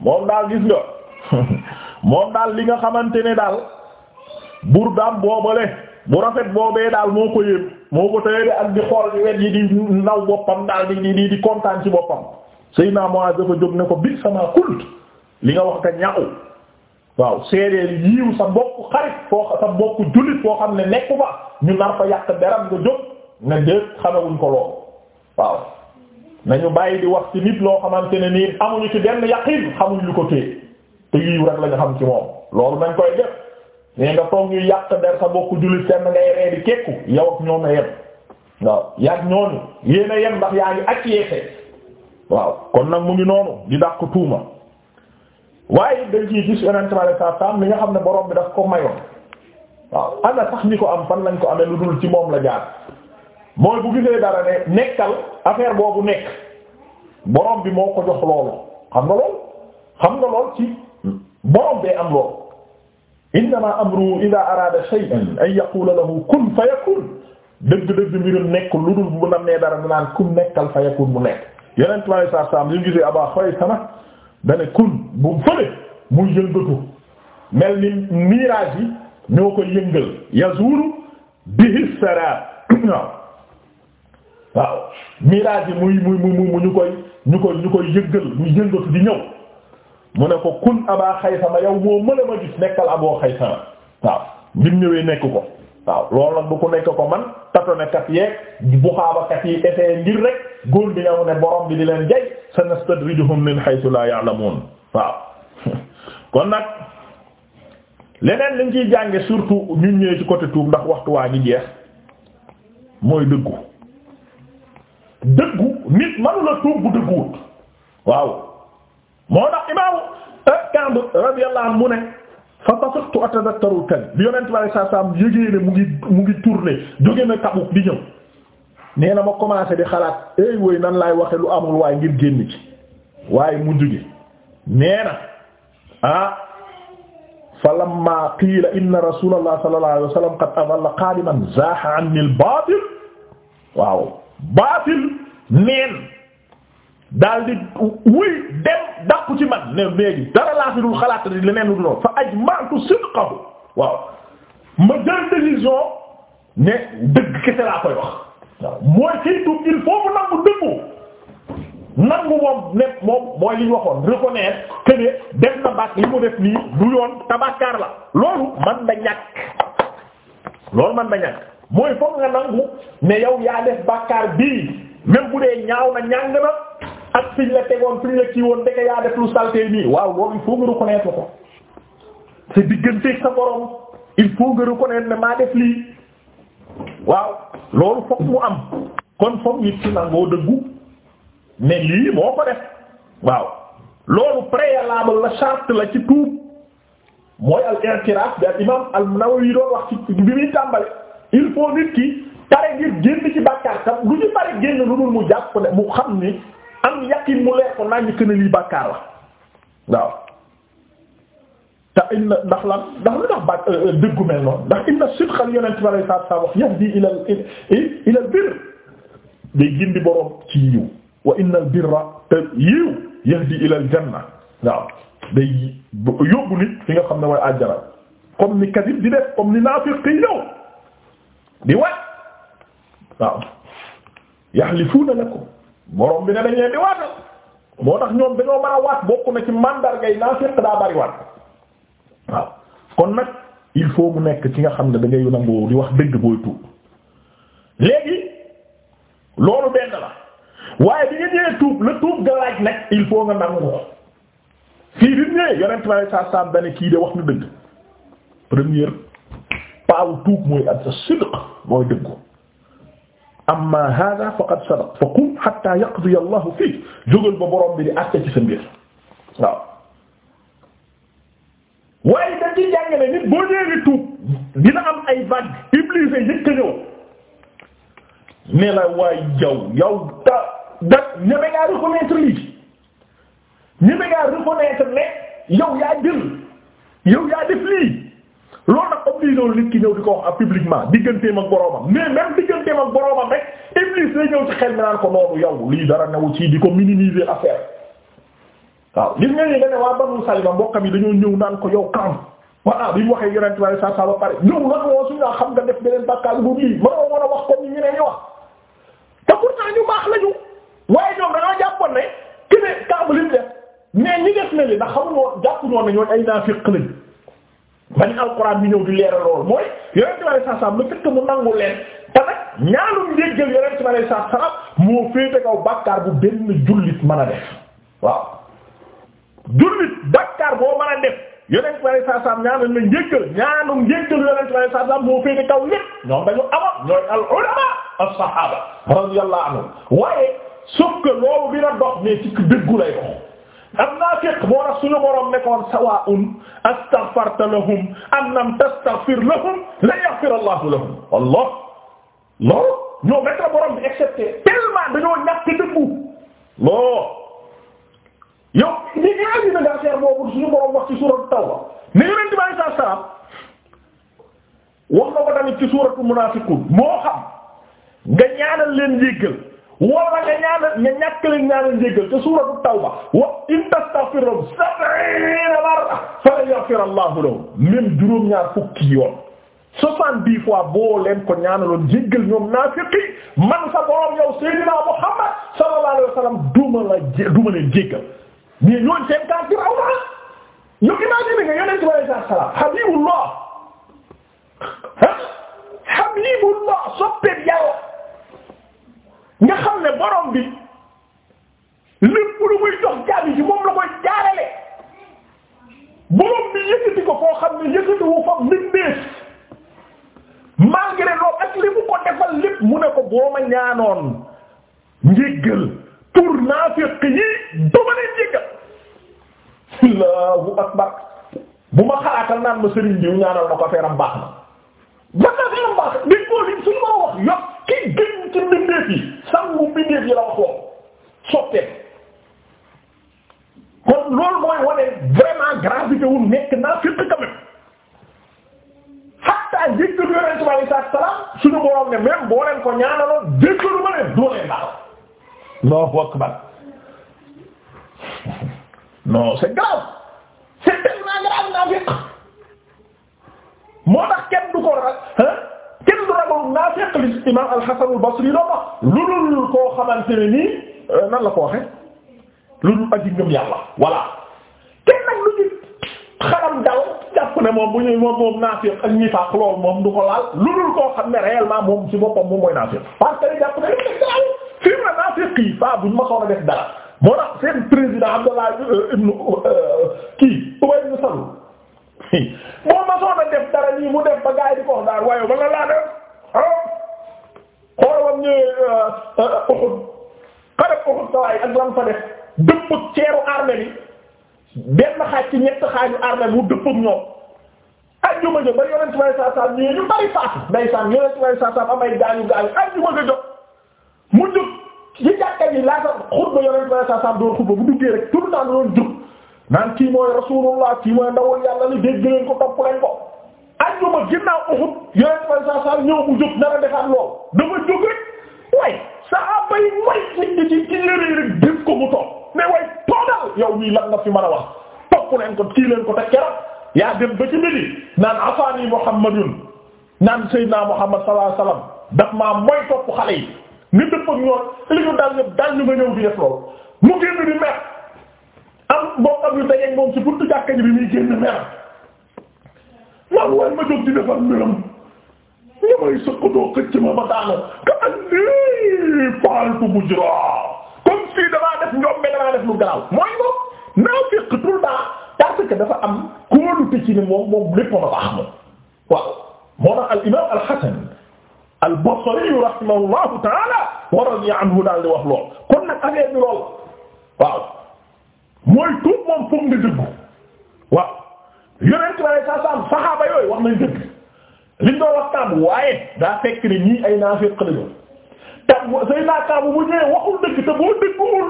Speaker 2: moom daal gis nga *laughs* moom daal li nga xamante ne daal bur daam boobale bu rafet boobee daal moo ko yépp moo ko tëye ak di xool wet yi di naw boppam daal di di di kontaan ci boppam sëy Seydina Muaz dafa jóg ne ko bi sama kult li nga wax ka ñaaw waaw seedeel yiiw sa mbokku xarit sa mbokku jullit foo xam ne nekku fa ñu nar fa yàq deram nga jóg ne déet xamewuñ ko lool waaw nañu bàyyi di wax ci nit loo xamante ne nii amuñu ci benn yaqin xamuñ lu ko téye te yiw rek la xam ci moom loolu nañ koy def nee nga toog ñuy yàq der sa bokku jullit seen ngay ree di kekku yow ak ñoom na yem waaw yaag ñoonu yéen a yem ndax yaa ngi ak yeete waaw kon nag mu ngi noonu di dàq tuuma waaye dañ ciy gis yonente bi saa saam li nga xam ne borom bi daf ko mayoon waaw ana sax ñi ko am fan lañ ko amee lu dul ci moom la jaar mooy bu gisee dara nekkal affaire boobu nekk borom bi moo ko jox loolu xam nga lool xam nga lool ci borom bee am lool innama amruhu ida arada shay'an an yaqula lahu kun fayakun dëgg-dëgg mbirum nekk lu dul bu nam nee dara naan kun nekkal fayakun mu nekk yeneen trois cent cent li mu gisee Aba Xaysama dane kun mu fële muy yëngatu mel ni mirage yi ñoo ko yëngal bihi sarab waaw waaw miraaj yi muy muy muy mu ñu koy ñu koy ñu koy yëggal muy yëngatu di ñëw mu ne ko kun abaa xaysama yow moo mën ma gis nekkal aboo xaysama waaw lim ñëwee nekk ko waaw loolu nag bu ko nekk ko man tatonekat yeeg buxaabakat yi essayé ngir rek góor bi ñëw ne borom bi di leen xay sanastadrijuhum min haythu la ya'lamun waaw *laughs* kon nag leneen liñ ciy jànge surtout ñun ñëwee ci côté tuub ndax waxtu waa ngi jeex mooy dëggu dëggu nit manu tuub bu waaw moo tax imaamu eh, Kaab radiyallahu anhu mu ne fa basatu atadakkaru kan bi yonent bi alayhi salaam yëgee mu ngi mu ngi tourné jóge na Tabuk di ñëw na ma commencé di xalaat eey woy nan laay waxe lu amul waay ngir génn ci waaye mujj gi na ah fa lamma qiila inna rasulallah sallallahu alayhi wa sallam qad adalla qaadiman zaaha anni al waaw baatil neen daal di wuy dem dàqu ci man ne léegi dara laa fi dul xalaat di leneen lu dul fa ajma'tu sidqahu waaw ma jël ne dëgg kese laa koy wax waaw mooy kii il faut nangu dëggu nangu moom ne moom mooy li waxoon reconnaître que def na bàq li mu def nii du yoon tabakaar la loolu man da ñàkk loolu man da ñàkk. mooy foog nga nangu ne yow yaa def bàkkaar bii même bu dee ñaaw na ñàng na ak fiñ la tegoon fiñ la kii woon ndeke yaa def lu salté nii waaw loolu il faut nga ko sa digganteeg sa borom il faut nga reconnaître ne foog mu am kon foog nit ci nangoo dëggu ne lii moo ko def waaw loolu préalable la charte la ci tuub mooy al i'tiraf bi al imam al Nawawi doon wax ci bi muy tàmbale il faut nit ki pare ngir génn ci bàkkaar tam lu ñu pare génn lu dul mu ne mu xam ni am yaqin mu leer ko nañ kën a lii bàkkaar la waaw te inna ndax lan ndax lu tax ba euh, dëggu mel noonu ndax inna yahdi ila ila al birr day gindi borom ci yiw wa inna al birra te yiw yahdi ila al janna waaw day yóbbu nit fi nga xam ne mooy àjjana ni kadib di def comme ni naafiq yow di waat waaw yaxlifuuna lakum borom bi ne dañ leen di waatal moo tax ñoom dañoo mën a waat bokk na ci mandargay naafiq daa bari waaw kon nag il faut mu nekk ci nga xam ne dangay ngay di wax dëgg booy tuub léegi loolu benn la waaye bi nga ñëwee tuub la tuub ga laaj il faut nga nangu ko fii bi ñëwee yonent bi sallallahu alayhi wasallam kii de wax na dëgg première paawu tuub mooy ak sidq mooy dëggu amma hada faqad sadaq fa qum hatta yaqdi allahu fiik jógal ba borom bi di àtte ci sa mbir waaw waaye dañ ci jàngale nit boo ñëwee di dina am ay vague iblis ay njëkk a ne la waay yow yow da da ñeme ngaa reconnaître lii ñeme ngaa reconnaître ne yow yaa jël yow yaa def lii loolu nag obligé wu nit ki ñëw di ko wax publiquement digganteem ak boroomam mais même digganteem ak boroomam rek Iblis lay ñëw ci xel mi ko noonu yow lii dara newu ci di ko minimiser affaire waaw gis nga ni da ne waa Banu Salima mbokkam yi dañoo ñëw naan ko yow kaam voilà bi mu waxee Yonent bi saa ba pare ñëw nag xam nga def beneen bàkkaar bu lii wax comme ni ñu ne ñu wax te pourtant ñu baax lañu waaye ñoom dañoo ñi def ne li ndax xamuñu woon jàppuñu woon ne ñooñu ay naafiq lañu bañ alxuraan bi ñëw di leeral lool mooy yonent bi alayhi salaam lu fekk mu nangu leen te nag ñaanum njéggal yonent bi alayhi moo féete kaw bàkkaar bu benn jullit mën a def waaw boo mën a def yonent bi alayhi salaam ñaanum la njéggal ñaanum njéggal yonent bi alayhi salaam moo féete kaw lépp ñoom dañu amoon ñooy al ulama as-sahaaba radiyallahu anhum waaye sauf loolu bi la dox mais ci dëggu lay am naafiq moo tax suñu borom nekkoon sawaa'un astaghfarta lahum am lam tastaghfir lahum la yaghfir Allahu lahum Allah loolu ñoo mettre borom bi excepté tellement dañoo ñàkk dëggu loo yow ñi ngi na affaire boobu suñu borom wax ci suuratu tawba ne yonent bi sallallahu alayhi wasallam wax na ko tamit ci suuratu munaafiqun moo xam nga ñaanal leen jéggal wala nga ñaanal nga ñàkk leen ñaanal njéggal te suuratu tawba wa in tastaghfirhum sab'iina marra falan yaghfira Allahu lahum même juróom-ñaar fukki yoon soixante-dix fois boo leen ko ñaanaloon jéggal ñoom naafiqi man sa borom yow Seydina Muhammad sallallahu alayhi wa sallam duma la duma leen jéggal mais ñooñ seen kàddu raw na ñu imagine nga yonent bi alayhi salaam habibullah habibullah soppe yàlla nga xam ne borom bi lépp lu muy jox jaabi ci moom la koy jaarale borom bi yëkkati ko koo xam ne yëkkati wu fa mbindees malgré loolu ak li ko defal lépp mu ne ko boo ma ñaanoon njéggal pour naafiq yi dama leen njéggal allahu akbar bu ma xalaatal naan ma sëriñ bi ñaanal ma ko feeram baax na ma ko feeram baax na dañ koo lim suñu ma wax yokk ki gën ci mbindeef yi sangu mbindeef yi la wax woon sotteem kon loolu mooy wane vraiment gravité wu nekk naa fépp quand même hatta jëkkëru Yonent bi sallallahu alayhi wasallam suñu borom ne même boo leen ko ñaanaloon jëkkëru ma leen doo leen baal Allahu akbar non c'est grave c'est tellement grave naa féq moo tax du ko ra kenn du ragal naa fekk li imaam al-Hasan al-Basri lu dul koo xamante ne nii euh, nan la ko waxe lu dul aji ngëm yàlla voilà kenn nag lu ci xaram dal jàpp ne moom bu ñuy moom moom naafiq ak ñi faax lool moom du ko laal lu dul koo xam ne réellement moom ci boppam moom mooy naafiq parce que jàpp ne fi ma naafiq yi fa buñ ma xaw a def dara moo tax seen président Abdallah euh, ibn euh, kii Ubay ibn Salul *laughs* moom ma a def dara nii mu def ba gaay di ko wax daal waaye ba nga laa def ah xoolal ñu euh, euh, Uhud xare Uhud sawaay ak lan fa def benn xaaj ci ñett xaaju armée bi mu dëpp ak ñoom. ba yonent way saa saa ñëwee ñu bari faatu ndeysaan yonent way saa saa amay gaañu gaañu ajjuma ga mu jóg ci jàkka ji laata xutba yonent way saa saa doon xutba bu duggee rek tout le temps doon naan kii mooy rasulullah kii mooy ndawul yàlla li dégg leen ko topp leen ko. ajjuma ginnaaw Uhud yeneen fay saa saa ñëw mu jóg dara ci ci rek def ko mu toog mais waaye toogal yow mii lan nga fi mën a wax topp leen ko kii leen ko te keroog yaa dem ba ci midi naan afaani muhammadun naan sayyidina muhammad sallallahu alayhi wasallam daf maa mooy topp xale yi. nit dëpp ak li ñu dal ñëpp dal ñu nga ñëw di def loolu mu génn di mer. am mbokkam yu dajeeg moom ci buntu jàkka ji bi muy génn mer naan waaye ma jóg di defar mbiram nga may sëkkandoo xëcc ma ma daanu ka anni faaltu bujra comme si damaa def njombe damaa def lu garaaw mooy moom naa fekk tout le temps parce que dafa am kóolute ci ne moom moom lépp ma baax moom waaw moo tax al imam al hasan al basri rahimahullahu taala wa radiya anhu daal di wax lool kon nag affaire bi lool waaw mooy tuub moom foog nga dëggu waaw yonent waaye saa saa saxaaba yooyu wax nañ dëgg liñ doon waxtaan waaye daa fekk ni ñii ay naafiq lañu te say naakaar bu mu ñëwee waxul dëgg te boo dëgguwul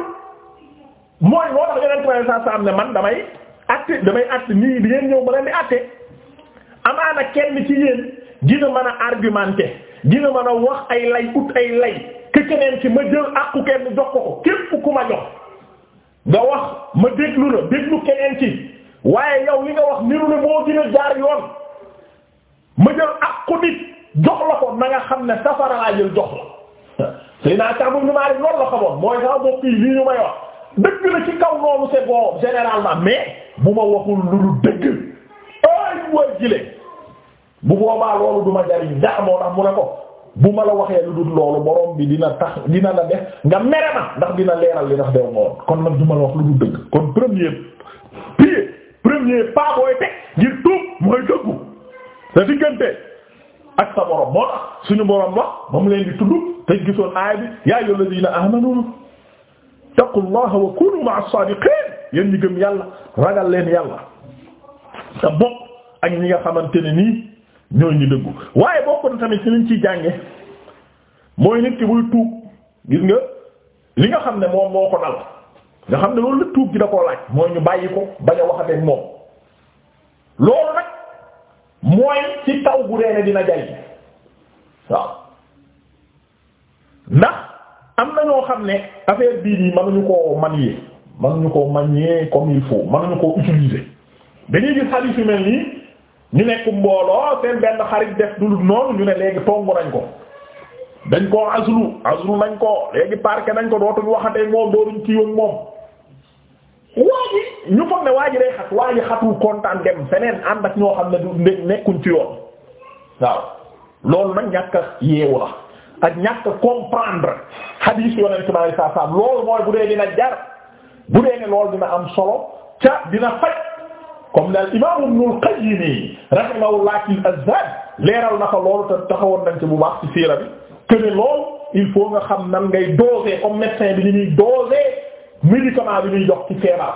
Speaker 2: mooy moo tax yonent waaye saa saa am ne man damay atte damay atte nii di ñëw ma leen di atte amaana kenn ci yéen dina mën a argumenter dina mën a wax ay lay ut ay lay ke keneen ma jël àqu kenn jox ko ko képp ku ma jox. nga wax ma déglu la déglu keneen ci waaye yow li nga wax niru ne moo gën jaar yoon ma jël àqu nit jox la ko na nga xam ne safara jox la sëy naa tax bu ñu maa loolu la xamoon mooy sax bokk yi lii ñu may wax dëgg la ci kaw noonu c'est bon généralement mais bu ma waxul lu dul dëgg ay war jile bu boobaa loolu du jariñ dara moo tax mu ne ko bu ma la waxee lu dul loolu borom bi dina tax dina la def nga mere ma ndax dina leeral li tax dew ma kon nag du ma la wax lu dul dëgg kon premier pied premier pas booy teg ngir tuub mooy dëggu sa diggante ak sa borom moo tax suñu borom wax ba mu leen di tudd te gisoon aay bi yaa ayyuhal ladina amanu taqullaha wa kunu ma'as sadiqin yéen ñi gëm yàlla ragal leen yàlla te bokk ak ñi nga xamante ne nii. ñooy ñu dëggu waaye bokk na tamit ci liñ ciy jànge mooy nit ki buy tuub gis nga li nga xam ne moom moo ko dal nga xam ne loolu la tuub gi da koo laaj mooy ñu bàyyi ko bañ a waxateeg moom loolu nag mooy ci taw bu reene dina jariñ waaw ndax am na ñoo xam ne affaire bii nii mënuñu koo manier mënuñu koo manier comme il faut mënuñu koo utiliser dañuy gis hadith yu mel nii ñu nekk mbooloo seen benn xarit def du noonu ñu ne léegi tongu nañ ko dañ koo aslu aslu nañ ko léegi park nañ ko dootuñu waxatee moom dootuñ ci yoon moom. waa ji ñu waa ji day xat waa ji xatul kontaan dem feneen ànd ñoo xam ne du nekkuñ ci yoon waaw loolu nag ñàkk yeewu la ak ñàkk comprendre hadith yoo nañ yi saa saa loolu mooy bu dee dina jar bu dee ne loolu dina am solo ca dina faj. comme daal imaam Ibnul Qayyim rahimahullah ci Azzaad leeral na ko loolu te taxawoon nañ ci bu baax ci siira bi que loolu il faut nga xam nan ngay doser comme médecin bi ni ñuy doser médicament bi ñuy jox ci feebar.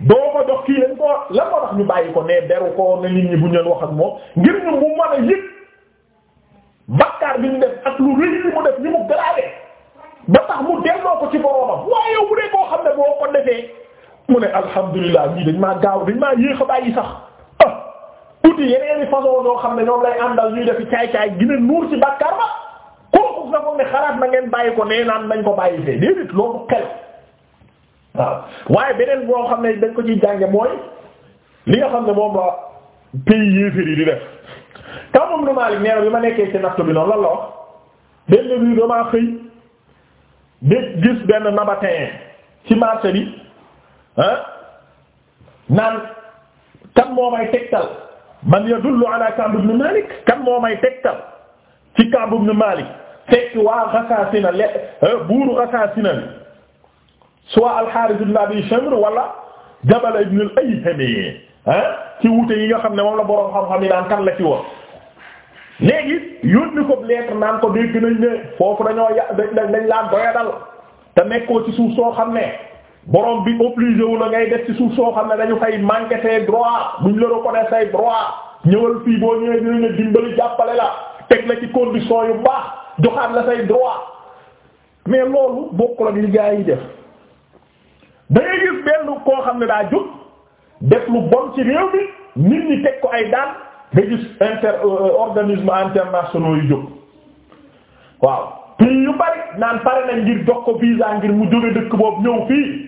Speaker 2: doo ko jox kii lañ ko lan moo tax ñu bàyyi ko ne beru ko ne nit bu ñu leen wax ak moom ngir ñu mu mën a yëg bakkaar bi ñu def ak lu rëy li mu def ni mu grave ba tax mu delloo ko ci boroomam waaye yow bu dee koo xam ne boo mu ne alhamdulilah ñii dañ maa gaaw dañ maa yéex bàyyi sax ah yeneen i façon yoo xam ne ñoom lay àndal ñuy def caay caay gi ne nuur ci bàkkaar ba kooku nga foog ne xalaat na ngeen bàyyi ko nee naan nañ ko bàyyi fee déedéet loolu xel waaw waaye beneen boo xam ne dañ ko ci jànge mooy li nga xam ne moom la pays yéefér yi di def ka moom Maalik nee bi ma nekkee ci naxtu bi noonu lan la wax benn bi damaa xëy dégg gis benn nabatin ci marché bi ah naan kan moo may tegtal man yadullu ala Ka'b ibn Malik kan moo may tegtal ci Ka'b ibn Malik fekk waa Ghassaasina le buuru Ghassaasina bi soit al-Harith ibn Abi Shamr wala Jabal ibn al-Aytham ah ci wuute yi nga xam ne moom la boroom xam-xam yi naan kan ci wax léegi yónni ko lettre naan ko dégg nañ ne foofu dañoo ya dañ dañ laa doya te nekkoo ci suuf soo xam ne. borom bi obligé wu na ngay def ci suuf soo xam ne dañu fay manqué say droit buñ la reconnaître say droit ñëwal fii boo ñëwee dinañ la dimbali jàppale la teg la ci condition yu baax joxaat la say droit mais loolu bokkul ak li gaa yi def da gis benn koo xam ne daa jóg def lu bon ci réew mi nit ñi teg ko ay daan nga gis inter euh, organisme internationaux yu jóg waaw pays yu bari naan pare na ngir jox ko visa ngir mu jóge dëkk boobu ñëw fii.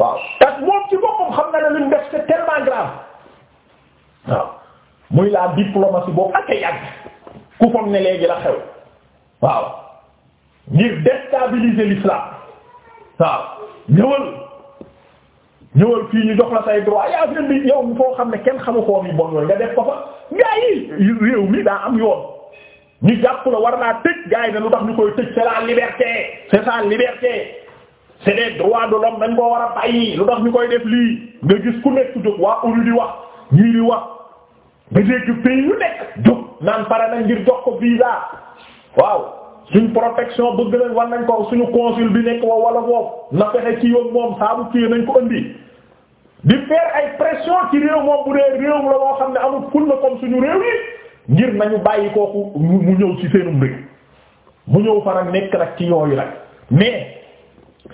Speaker 2: waaw parce que moom ci boppam xam na ne li mu def c'est tellement grave waaw muy la diplomatie boobu ak a ku foog ne léegi la xew waaw ngir déstabiliser l'islam waaw ñëwal ñëwal fii ñu jox la say droit yaa fi indi yow foo xam ne kenn xamu ko mi bon nga def ko fa gaa yi réew mi daa am yoon ñu jàpp la war naa tëj gaa yi ne lu tax ñu koy tëj c'est la liberté c'est liberté. c'est des droits de l'homme dañ koo war a bàyyi lu tax ñu koy def lii nga gis ku nekk jóg waa ONU di wax ñii di wax nga dégg pays yu nekk jóg naan pare nañ ngir jox ko visa waaw suñ protection bëgg nañ war nañ ko suñu consul bi nekk wa wala foofu na fexe ci yoon moom saabu kii nañ ko indi di faire ay pression ci réew moom bu dee réew la loo xam ne amul ful na comme suñu réew yi ngir nañu bàyyi kooku mu ñëw ci seenum réew mu ñëw fa nag nekk nag ci yooyu nag mais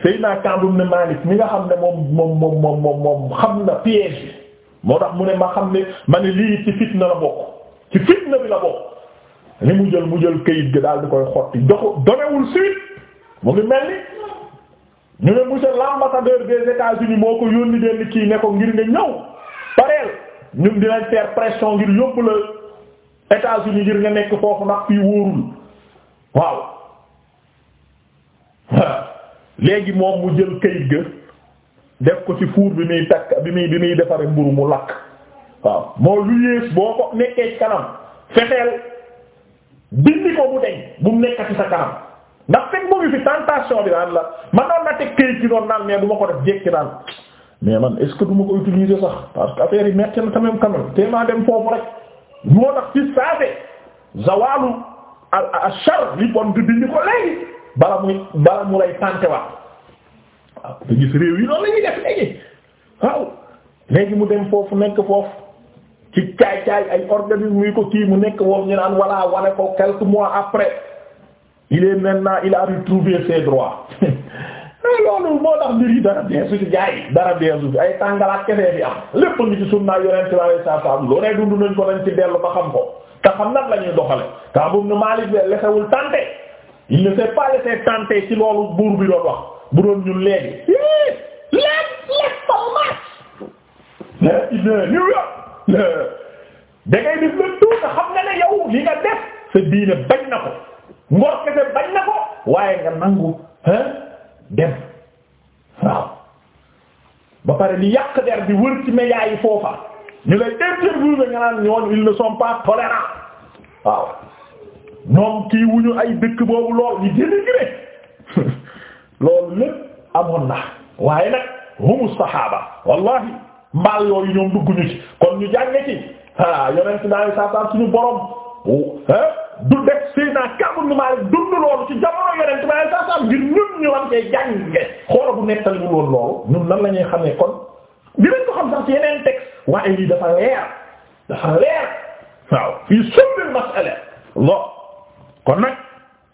Speaker 2: Seydina Kaab ibn Maalik mi nga xam ne moom moom moom moom moom moom xam na piège bi moo tax mu ne ma xam ne ma ne lii ci fitna la bokk ci fitna bi la bokk li mu jël mu jël këyit ga daal di koy xotti joxu donewul suite mu ngi mel ni ñu ne monsieur l'ambassadeur des États-Unis moo ko yónni delli kii ne ko ngir nga ñëw pareel ñun dinañ faire pression ngir yóbbu la États-Unis ngir nga nekk foofu ndax fii wóorul waaw. *laughs* léegi moom mu jël kayit ga def ko ci fuur bi muy takk bi muy bi muy defaree mburu mu lakk waaw moo lu yées boo ko nekkee ci kanam fexeel bindi ko mu deñ bu mu nekk ci sa kanam ndax fekk mu ngi fi tentation bi naan la man naan na teg kayit ci noonu naan mais du ma ko def jekki naan mais man est-ce ma ko utiliser sax parce que affaire yi metti na quand même quand dem foofu rek moo tax ci saase zawalu al al char li bon di dindi ko léegi bala muy bala mu lay tànte wax waaw te gis réew yi noonu la def léegi waaw léegi mu dem foofu nekk foofu ci caay caay ay organisme yi ko kii mu nekk foofu ñu naan voilà wane ko quelques mois après il est maintenant il a retrouvé ses droits *laughs* ah, loolu moo tax mbir yi dara deesu ci jaay dara deesu ci ay tàngalaat kese bi am lépp ngi ci sunna yonent sallallahu alayhi wasallam loo ne dund nañ ko nañ ci dellu ba xam ko te xam nag la ñuy doxale kaa boobu Maalik be il ne s'est pas laissé ci loolu buur bi doon wax bu doon ñun léegi lépp lépp palmarès l new york da ngay def le tout nga xam nga ne yow li nga def sa diine bañ na ko ngor bañ na ko waaye nga nangu hein dem waaw ba pare li yàq der bi wër ci média foofa ñu lay interview nga naan ñoon ils ne sont pas tolérants waaw ñoom kii wuñu ay dëkk boobu lool ñu dénigré *laughs* loolu lépp amoon na waaye nag humu saxaaba wallahi mbaal yooyu ñoom dugguñu ci kon ñu jànge ci ah yonent saa saa suñu borom
Speaker 1: du
Speaker 2: def sëy naa kàmbur ni maa dund loolu ci jamono yonent naa saa saa ngir ñun ñu war cee jànge xoola bu nettali ñu loolu loolu ñun nan la ñuy xamee kon dinañ ko xam sax ci yeneen texte waaye lii dafa leer dafa leer waaw fii sunnal mas'ala kon nag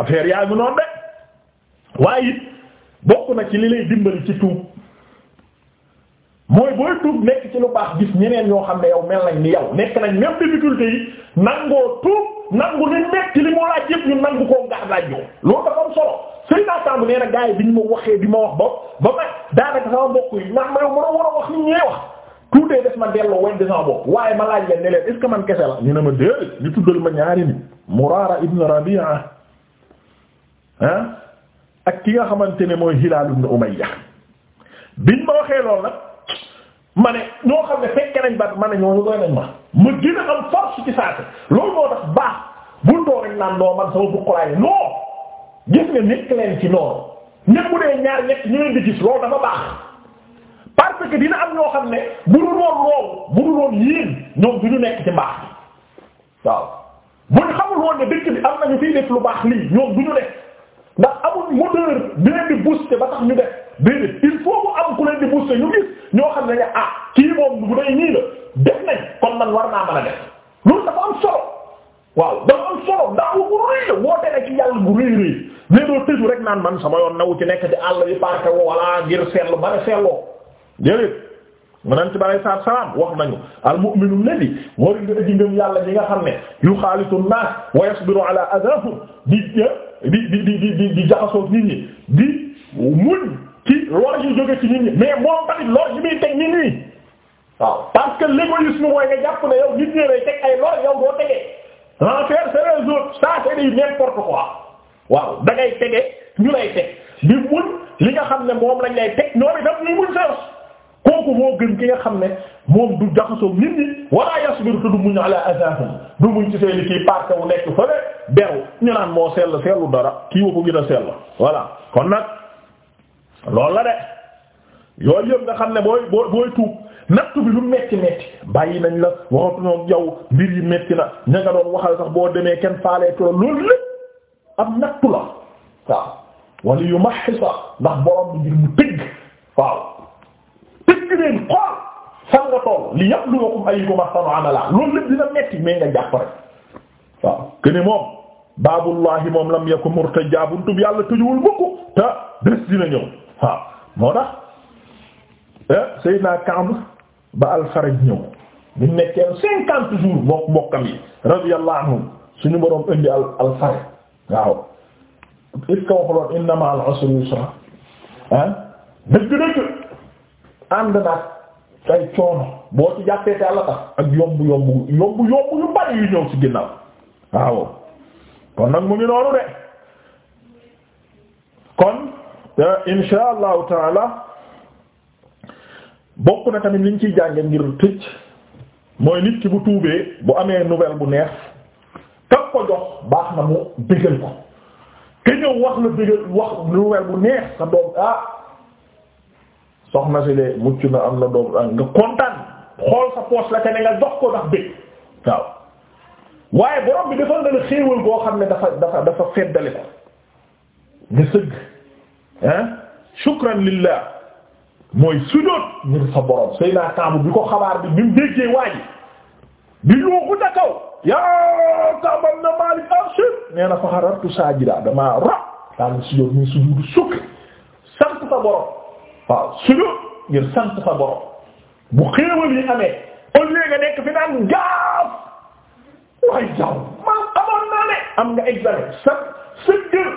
Speaker 2: affaire yaa ngi noonu de waaye it bokk na ci li lay dimbali ci tuub mooy booy tuub nekk ci lu baax gis ñeneen ñoo xam ne yow mel nañ ni yow nekk nañ même difficulté yi nangoo tuub nangu ni nekk li moo laaj yëpp ñu nangu koo ngaar laaj ñoo loolu dafa am solo sëy naa tàmb nee na yi bi ñu ma waxee bi ma wax ba ba ma daanaka sama mbokk yi naan ma yow mën war a wax ni ñee wax tuutee des ma delloo weddi sama bopp waaye ma laaj leen ne leen est man kese la ñu ne ma déedéet ñu tuddal ma ñaari ni ki nga xamante ne mooy Hilaal ibn ma ne ñoo xam ne ma ne mu dee ñaar ñett ñu leen di gis loolu dafa baax. parce que dina am ñoo xam ne bu dul woon loolu bu dul woon yéen ñoom du ñu nekk ci mbaax bi waaw buñ xamul woon ne dëkk bi am nañu fiy def lu baax lii ñoom du ñu ndax amul moteur bi leen di booster ba tax ñu def déedéet il faut am ku leen di booster ñu gis ñoo xam ne ne a ah, kii moom bu dee ñii la def nañ kon man war naa mën a def loolu dafa am solo waaw dafa am solo ndax bu rëy la woote na ci yàlla bu rëy rëy mais doo tëju rek naan man sama yoon nawu ci nekk ci àll bi parce que voilà ngir seetlu ba ne seetloo. déedéet yonent bi alayhi salaatu salaam wax nañu al-mu'minu alladhi war nga aji ngëm yàlla ñi nga xam ne yuxaalitu an-naas wa yasbiru ala adaahum di di di di di jaxasoo nit ñi di muñ ci lor yi jóge ci nit ñi mais moom tamit lor yi muy teg nit ñi waaw parce que l'égoïsme mooy nga jàpp ne yow nit ñi lay teg ay lor yow boo tegee l'enfer da lay teg di muñ li nga xam ne moom lañ lay teg ñoom itam ñu muñ sa kooku moo gën ki nga xam ne moom du jaxasoo nit ñi wala yasbiru te du muñ ala azahum du muñ ci seeni kii parke wu nekk fële beru ñu naan moo sell sellu dara kii wa ko gën a kon nag loolu la de yooyu yëpp nga xam ne booy booy booy tuub nattu bi lu metti metti bàyyi nañ la waxatuñoo yow mbir yi metti na ña nga doon waxal sax boo demee kenn faalee tula loolu lépp am nattu la waaw wala yu maxi sax ndax borom bi ngir mu tëgg waaw bëgg leen xool fan nga toll li yabluwakum ayyukum ahsanu amala loolu lépp dina metti mais nga jàpp rek waaw kene moom baabullahi moom lam yakun murtaja buntub yàlla tëjuwul mukk te bés dina ñëw waaw moo tax eh, Seydina Kaab ba alfaraj ñëw ñu nekkeen cinquante jours mbokk mbokkam yi radiyallahu anhum suñu boroom indi al alfaraj waaw it ka waxuloon inna ma'al usri yusra ah dëgg-dëgg ànd nag say coono boo ci jàppee te Yàlla tax ak yomb yomb yomb yomb yu bari yu ñëw ci ginnaaw waaw kon nag mu ngi noonu de kon eh, insha allahu taala bokk na tamit liñ ciy jànge ngir tëj mooy nit ki bu tuubee bu amee nouvelle bu neex kag ko jox baax na mu bégal ko ke ñëw wax la bégal wax nouvelle bu neex sa doom ah
Speaker 1: soxna si de mucc na am na doom nga kontaan
Speaker 2: xool sa la te nga jox ko ndax bëgg waaw waaye borom bi defal na la xéewal boo xam ne dafa dafa dafa feddali nga sëgg ah shukran lillah mooy sujóot ngir sa borom sëy naa bi ko xabaar bi bi mu déggee waa ji bi yuuxu da kaw yaa kaabam na Maalik arshid nee na fa xarartu damaa rab daal sujóot muy sujuudu shukr sant sa waaw sujjóot ngir sant sa borom bu xéewal yi amee au lieu nga nekk fi naan gaaf waaye jaww man amoon naa ne am nga examen sa sëggër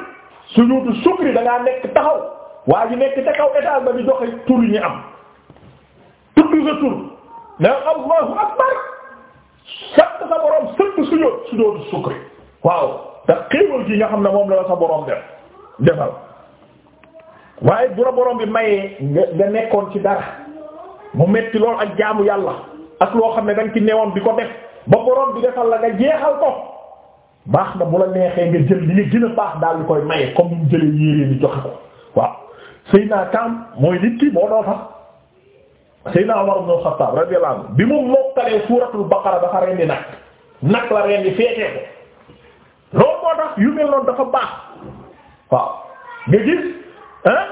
Speaker 2: sujuutu sukri da ngaa nekk taxaw waa ji nekk ca kaw état ba di joxe ñu am tudd sa tur ne allahu akbar sant sa borom sëgg sujjóot sujjóotu sukri waaw te xéewal gi nga xam ne moom la sa borom def defal waaye bu la borom bi mayee nga nekkoon ci dara mu metti lool ak jaamu yàlla ak loo xam ne danga ci newoon bi ko def ba borom bi defal la nga jeexal ko baax na bu la neexee nga jël li gën a baax daal di koy maye comme mu jëlee yéeree ni joxe ko waaw sëy naa tam mooy nit ki boo doo tax sëy naa Umar ibn Xattaab radiyallahu anhu bi mu mokkalee suuratul baqara dafa rendi nag nag la rendi feetee ko loolu moo tax yu mel noonu dafa baax waaw nga gis ah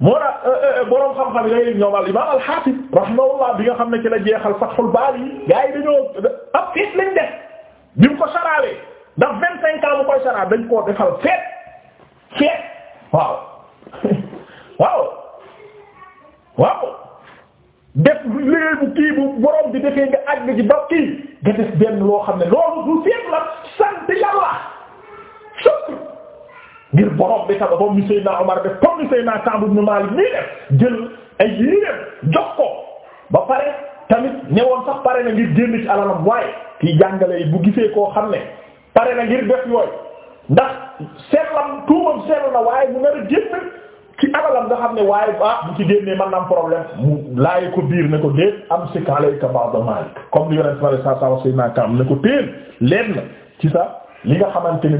Speaker 2: moo tax euh, euh, euh, borom xam-xam yi dañuy ñoom al imaam al xaafis rahimahullah bi nga ne ci la jeexal Fathul Baari yi gars yi dañoo ab feet lañ def bi mu ko saraawee ndax vingt feet feet waaw waaw def liggéey bu kii bu borom bi defee nga àgg ci ba kii nga def benn loo xam ne loolu du feet la sant yàlla ngir borom bi sama borom mi Seydina Omar def comme ni nii def jël ay yéreem jox ko ba pare tamit ñëwoon sax pare na ngir génn ci alalam waaye kii jàngale yi bu gisee koo xam ne pare na ngir def yooyu ndax seetlam tuumam seetlu na waaye mu nar a génn ci alalam nga xam ne waaye ah bu ci génnee man na am problème mu laaj ko biir ne ko déet am si alayka ba'da malik comme li yonent sallallahu alayhi wasallam Seydina Ka'b ne ko teel leen na ci sa li nga xamante ni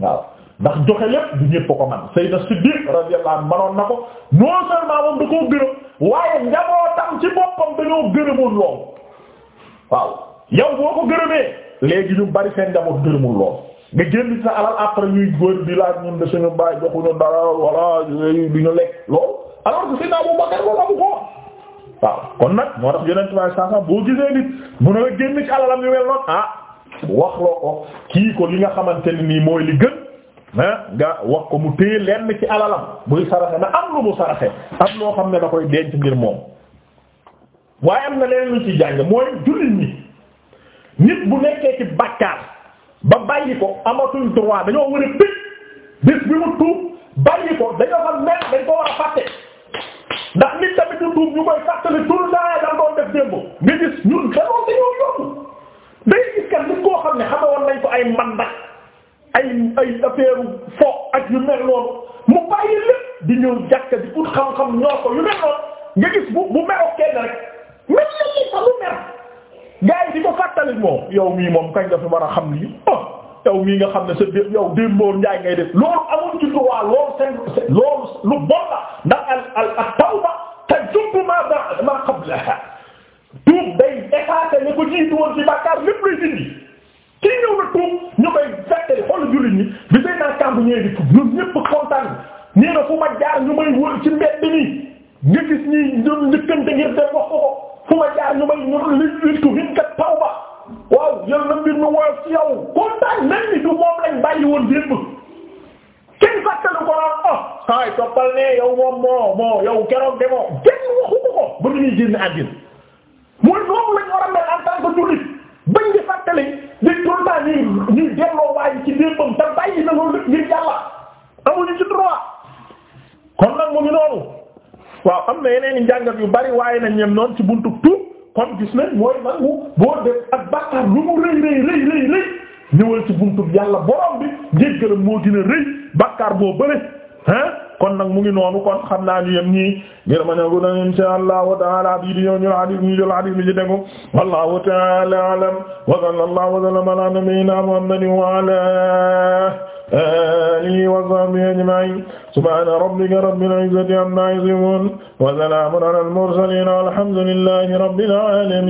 Speaker 2: waaw ndax joxe lépp du ñëpp ko man Seydina Siddiq radiyallahu anhu manoon na ko non seulement moom da koo gërëm waaye njabootam ci boppam dañoo gërëmoon lool waaw yow boo ko gërëmee léegi ñu bari seen njaboot gërëmul lool nga génn sa alal après ñuy góor bi laaj ñun de suñu baay joxuñu dara wala lool alors que Seydina Abu Bakar loolu amu ko waaw kon nag moo tax yeneen tubaab yi sànq boo gisee nit mun a génn ci alalam yu mel noonu ah. wax loo ko kii ko li nga xamante ni nii mooy li gën ah, nga wax ko mu téye lenn ci alalam buy saraxe na am lu mu saraxe am loo xam ne da koy denc ngir moom waaye am na leneen lu ci jàng mooy jullit ñi nit bu nekkee ci bàkkaar ba bàyyi ko amatul droit dañoo war a bés bés bi mu tuub bàyyi ko dañoo fa mel dañ ko war a fàtte ndax nit tamit du tuub ñu koy fàttali tout le temps dañ doon def démb nga gis ñun dañoo dañoo day gis kat nit koo xam ne xamawoon nañ ko ay mandat ay ay affaire fo ak yu mel noonu mu bàyyi lépp di ñëw jàkka di ut xam-xam ñoo ko yu mel nga gis bu bu meroog kenn rek même la ñuy lu mer gars di ko fàttali moom yow mii moom kañ nga fi war a xam lii ah yow mii nga xam ne sa dé yow démboor njaay ngay def loolu amul ci droit loolu seen loolu lu bon la ndax al al tawba tajubbu ma ba ma qablaha tuub day effacer ne ko jiitu woon ci bàkkaar lépp luy dindi kii ñëw na tuub ñu koy fàttali xool jullit ñi bi day naa kàmb ñëwee di tuub ñun ñëpp kontaan nee na fu ma jaar ñu may wër ci mbedd nii nga gis ñi ñun njëkkante ngir dem wax ko ko fu ma jaar ñu may ñu li li tuub kat taw ba waaw yal na mbir mi woyof ci yow kontaan mel ni du moom lañ bàyyi woon démb kenn fàttali ko naan ah saa yi toppal ne yow moom moo moo yow keroog demoo kenn waxu ko ko ba ñu génn àddina mooy noonu lañ war a mel en tant que jullit bañ di fàttali ne tout le temps ñuy delloo waay ci démbam te bàyyi na loolu ngir yàlla amuñu ci droit kon nag mu ngi noonu waaw am na yeneen i njàngat yu bari waaye nañ ñem noonu ci buntu tuub kon gis nañ mooy nangu boo def ak bàkkaar lu mu rëy rëy rëy rëy ci buntu yàlla borom bi jéggalam moo gën rëy bàkkaar boo bëre ah kon nag mu ngi noonu kon xam naa ñu yem
Speaker 1: ñii ngir ma ñëw na insha allahu taala bii di ñëw ñu hadith ñu jël hadith bi ci dégg wallahu taala alam wa sallallahu wa sallama ala nabiyyina muhammadin wa ala alihi wa sahbihi ajma'in subhana rabbika rabbil izzati amma yasifun wa salamun ala al mursalin walhamdulillahi rabbil alamin